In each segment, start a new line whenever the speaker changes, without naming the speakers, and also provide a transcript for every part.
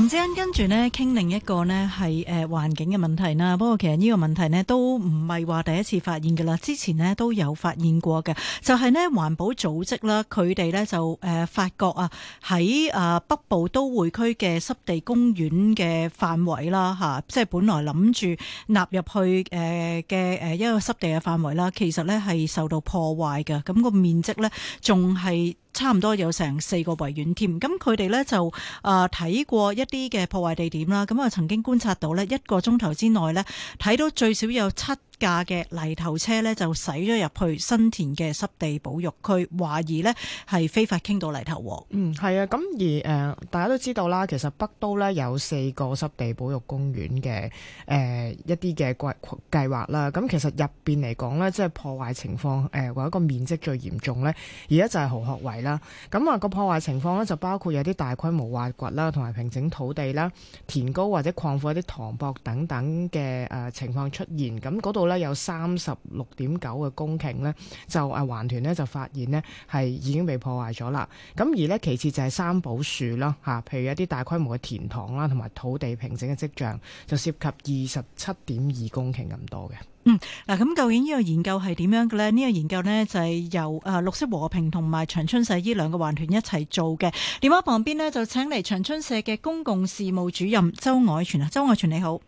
林子恩，跟住呢傾另一個呢係誒環境嘅問題啦。不過其實呢個問題呢都唔係話第一次發現噶啦，之前呢都有發現過嘅。就係呢環保組織啦，佢哋呢就誒發覺啊喺啊北部都會區嘅濕地公園嘅範圍啦吓，即係本來諗住納入去誒嘅誒一個濕地嘅範圍啦，其實呢係受到破壞嘅，咁個面積呢仲係。差唔多有成四個維園添，咁佢哋咧就誒睇、呃、過一啲嘅破壞地點啦，咁啊曾經觀察到咧一個鐘頭之內咧，睇到最少有七架嘅泥頭車咧就駛咗入去新田嘅濕地保育區，懷疑咧係非法傾倒泥頭。嗯，
係啊，咁而誒、呃、大家都知道啦，其實北都咧有四個濕地保育公園嘅誒一啲嘅規計劃啦，咁其實入邊嚟講咧，即係破壞情況誒或一個面積最嚴重咧，而家就係蠔殼圍啦，咁啊、嗯，那個破壞情況呢，就包括有啲大規模挖掘啦，同埋平整土地啦，填高或者擴闊一啲塘泊等等嘅、誒、呃、情況出現。咁嗰度呢，有三十六點九嘅公頃呢，就誒環團咧就發現呢，係已經被破壞咗啦。咁而呢，其次就係三寶樹啦吓，譬如有啲大規模嘅填塘啦，同埋土地平整嘅跡象，就涉及二十七點二公頃咁多嘅。
嗯，嗱、啊、咁究竟呢個研究係點樣嘅呢？呢、這個研究呢，就係由誒綠色和平同埋長春。就係呢兩個環團一齊做嘅。電話旁邊呢，就請嚟長春社嘅公共事務主任周藹銓啊，周藹銓你好。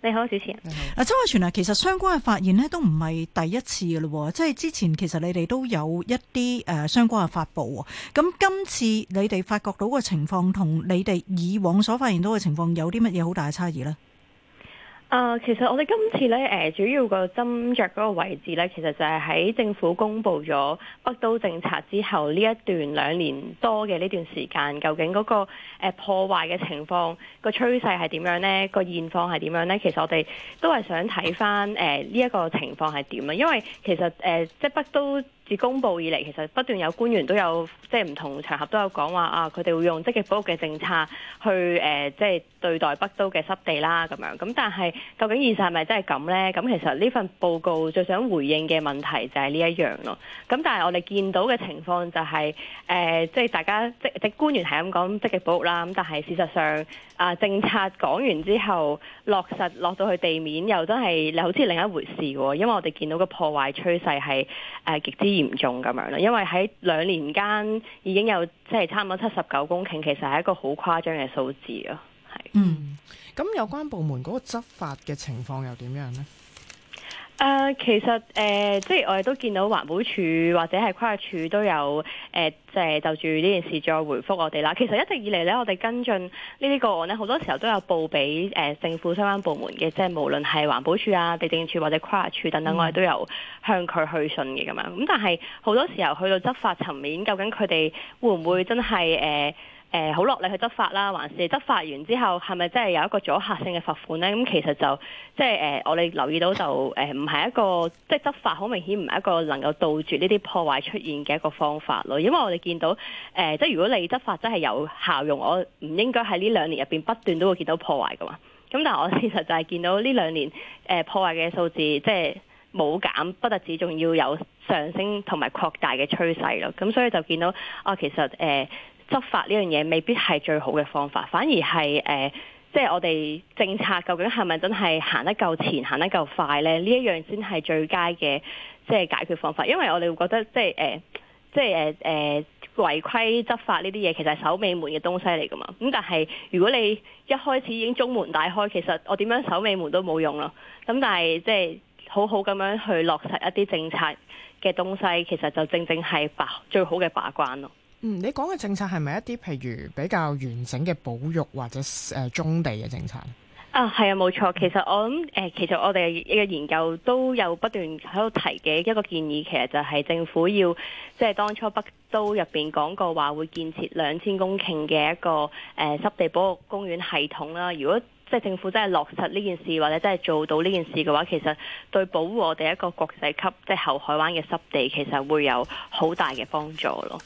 你好主持人。你好，周藹銓啊，其實相關嘅發現呢，都唔係第一次噶咯，即係之前其實你哋都有一啲誒相關嘅發佈。咁今次你哋發覺到嘅情況同你哋以往所發現到嘅情況有啲乜嘢好大嘅差異呢？
啊、呃，其實我哋今次咧，誒主要個斟酌嗰個位置咧，其實就係喺政府公布咗北都政策之後呢一段兩年多嘅呢段時間，究竟嗰、嗰個、呃、破壞嘅情況個趨勢係點樣咧？個現況係點樣咧？其實我哋都係想睇返誒呢一個情況係點啊，因為其實誒、呃、即係北都。自公布以嚟，其實不斷有官員都有即係唔同場合都有講話啊，佢哋會用積極保育嘅政策去誒、呃、即係對待北都嘅濕地啦咁樣咁但係究竟現實係咪真係咁咧？咁、嗯、其實呢份報告最想回應嘅問題就係呢一樣咯。咁但係我哋見到嘅情況就係、是、誒、呃、即係大家即係官員係咁講積極保育啦。咁但係事實上啊、呃，政策講完之後落實落到去地面又都係好似另一回事喎、哦。因為我哋見到個破壞趨勢係誒、呃、極之。嚴重咁樣啦，因為喺兩年間已經有即係差唔多七十九公頃，其實係一個好誇張嘅數字咯。係，嗯，
咁有關部門嗰個執法嘅情況又點樣咧？
誒、呃，其實誒、呃，即係我哋都見到環保署或者係規劃署都有誒，即、呃、係就住、是、呢件事再回覆我哋啦。其實一直以嚟咧，我哋跟進呢啲個案咧，好多時候都有報俾誒、呃、政府相關部門嘅，即係無論係環保署啊、地政署或者規劃署等等，嗯、我哋都有向佢去信嘅咁樣。咁但係好多時候去到執法層面，究竟佢哋會唔會真係誒、呃誒好、呃、落力去執法啦，還是執法完之後係咪真係有一個阻嚇性嘅罰款呢？咁其實就即係誒，我哋留意到就誒，唔、呃、係一個即係執法好明顯唔係一個能夠杜絕呢啲破壞出現嘅一個方法咯。因為我哋見到誒、呃，即係如果你執法真係有效用，我唔應該喺呢兩年入邊不斷都會見到破壞㗎嘛。咁但係我事實就係見到呢兩年誒、呃、破壞嘅數字即係冇減，不特止仲要有上升同埋擴大嘅趨勢咯。咁、嗯、所以就見到啊，其實誒。呃執法呢樣嘢未必係最好嘅方法，反而係誒，即、呃、係、就是、我哋政策究竟係咪真係行得夠前、行得夠快呢？呢一樣先係最佳嘅即係解決方法。因為我哋會覺得即係誒，即係誒誒違規執法呢啲嘢其實係守尾門嘅東西嚟噶嘛。咁、嗯、但係如果你一開始已經中門大開，其實我點樣守尾門都冇用咯。咁、嗯、但係即係好好咁樣去落實一啲政策嘅東西，其實就正正係把最好嘅把關咯。
嗯，你講嘅政策係咪一啲譬如比較完整嘅保育或者誒呃、棕地嘅政策
啊？係啊，冇錯。其實我諗誒、呃，其實我哋嘅研究都有不斷喺度提嘅一個建議，其實就係政府要即係當初北都入邊講過話會建設兩千公頃嘅一個誒呃、濕地保育公園系統啦。如果即係政府真係落實呢件事，或者真係做到呢件事嘅話，其實對保護我哋一個國際級即係後海灣嘅濕地，其實會有好大嘅幫助咯。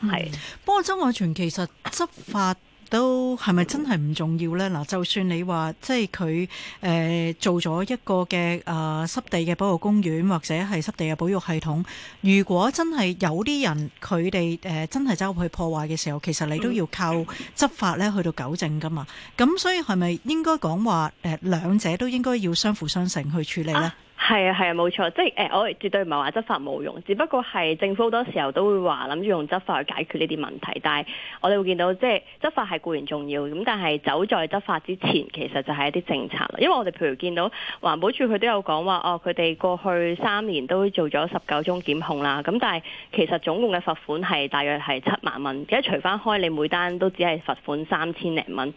係是、嗯，不過周藹銓其實執法都係咪真係唔重要呢？嗱，就算你話即係佢誒做咗一個嘅誒、呃、濕地嘅保育公園或者係濕地嘅保育系統，如果真係有啲人佢哋誒真係走入去破壞嘅時候，其實你都要靠執法咧去到糾正噶嘛。咁所以係咪應該講話誒兩者都應該要相輔相成去處理呢？啊
係啊，係啊，冇錯。即係誒、欸，我係絕對唔係話執法冇用，只不過係政府好多時候都會話諗住用執法去解決呢啲問題。但係我哋會見到，即係執法係固然重要，咁但係走在執法之前，其實就係一啲政策。因為我哋譬如見到環保署佢都有講話，哦，佢哋過去三年都做咗十九宗檢控啦。咁但係其實總共嘅罰款係大約係七萬蚊，即係除翻開你每單都只係罰款三千零蚊。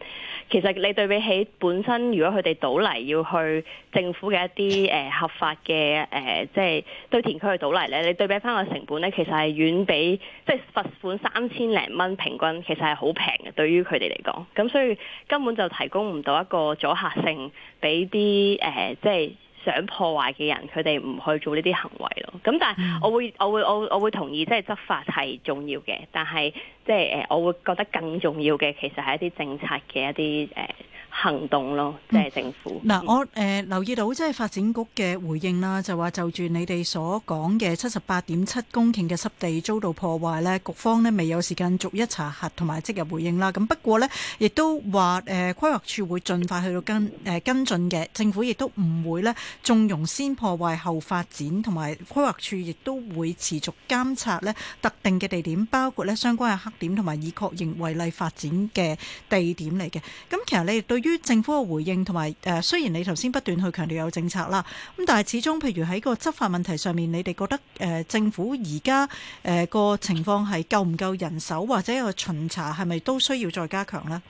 其實你對比起本身，如果佢哋倒嚟要去政府嘅一啲誒、呃、合法嘅誒，即、呃、係、就是、堆填區嘅倒泥咧，你對比翻個成本咧，其實係遠比即係罰款三千零蚊平均，其實係好平嘅對於佢哋嚟講，咁所以根本就提供唔到一個阻吓性，俾啲誒即係想破壞嘅人，佢哋唔去做呢啲行為咯。咁但係我會、嗯、我會我會我我會同意，即係執法係重要嘅，但係即係誒我會覺得更重要嘅其實係一啲政策嘅一啲誒。呃行
動咯，即係政府。嗱、嗯，我誒、呃、留意到即係發展局嘅回應啦，就話就住你哋所講嘅七十八點七公頃嘅濕地遭到破壞呢，局方呢未有時間逐一查核同埋即日回應啦。咁不過呢，亦都話誒、呃、規劃署會盡快去到跟誒、呃、跟進嘅。政府亦都唔會咧縱容先破壞後發展，同埋規劃署亦都會持續監察咧特定嘅地點，包括咧相關嘅黑點同埋以確認為例發展嘅地點嚟嘅。咁其實你哋對於政府嘅回應同埋誒，雖然你頭先不斷去強調有政策啦，咁但係始終，譬如喺個執法問題上面，你哋覺得誒政府而家誒個情況係夠唔夠人手，或者個巡查係咪都需要再加強呢？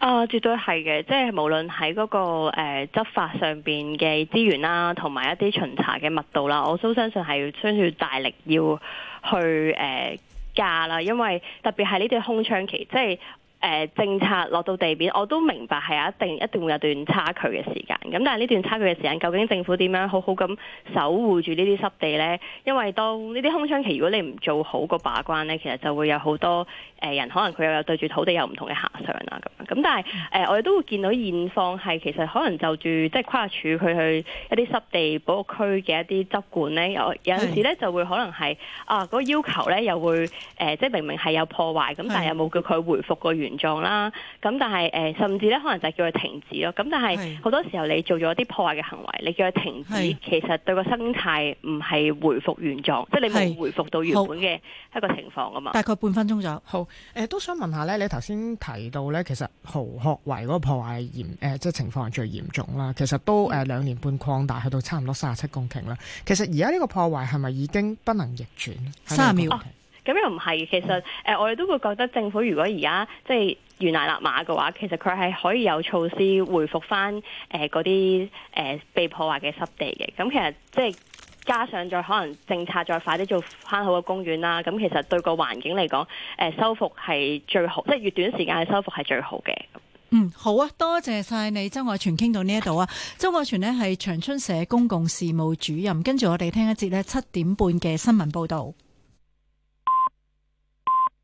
啊，絕對係嘅，即係無論喺嗰、那個誒、呃、執法上邊嘅資源啦，同埋一啲巡查嘅密度啦，我都相信係需要大力要去誒、呃、加啦，因為特別係呢啲空窗期，即係。誒政策落到地面，我都明白係一定一定會有段差距嘅時間。咁但係呢段差距嘅時間究竟政府點樣好好咁守護住呢啲濕地咧？因為當呢啲空窗期，如果你唔做好個把關咧，其實就會有好多誒人可能佢又有對住土地有唔同嘅遐想啦，咁，咁但係誒、呃、我哋都會見到現況，係其實可能就住即係跨處佢去，去一啲濕地保護區嘅一啲執管咧，有有陣時咧就會可能係啊、嗰個要求咧又會誒、呃、即係明明係有破壞咁，但係又冇叫佢回復個原狀啦，咁但係誒、呃，甚至咧可能就叫佢停止咯。咁但係好多時候你做咗啲破壞嘅行為，你叫佢停止，是其實對個生態唔係回復原狀，是即係你冇回復到原本嘅一個情況啊嘛。大概半
分鐘左右。好，誒、呃、都想問下咧，你頭先提到咧，其實蠔殼圍嗰個破壞嚴誒，即係情況係最嚴重啦。其實都誒兩、嗯呃、年半擴大去到差唔多三十七公頃啦。其實而家呢個破壞係咪已經不能逆轉？三十秒。
咁又唔係，其實誒，我哋都會覺得政府如果而家即係懸崖勒馬嘅話，其實佢係可以有措施回復翻誒嗰啲誒被破壞嘅濕地嘅。咁其實即係加上再可能政策再快啲做翻好個公園啦。咁其實對個環境嚟講，誒修復係最好，即係越短時間嘅修復係最好嘅。
嗯，好啊，多謝晒你周藹銓傾到呢一度啊。周藹銓呢係長春社公共事務主任,跟住我哋聽一節呢七點半嘅新聞報導。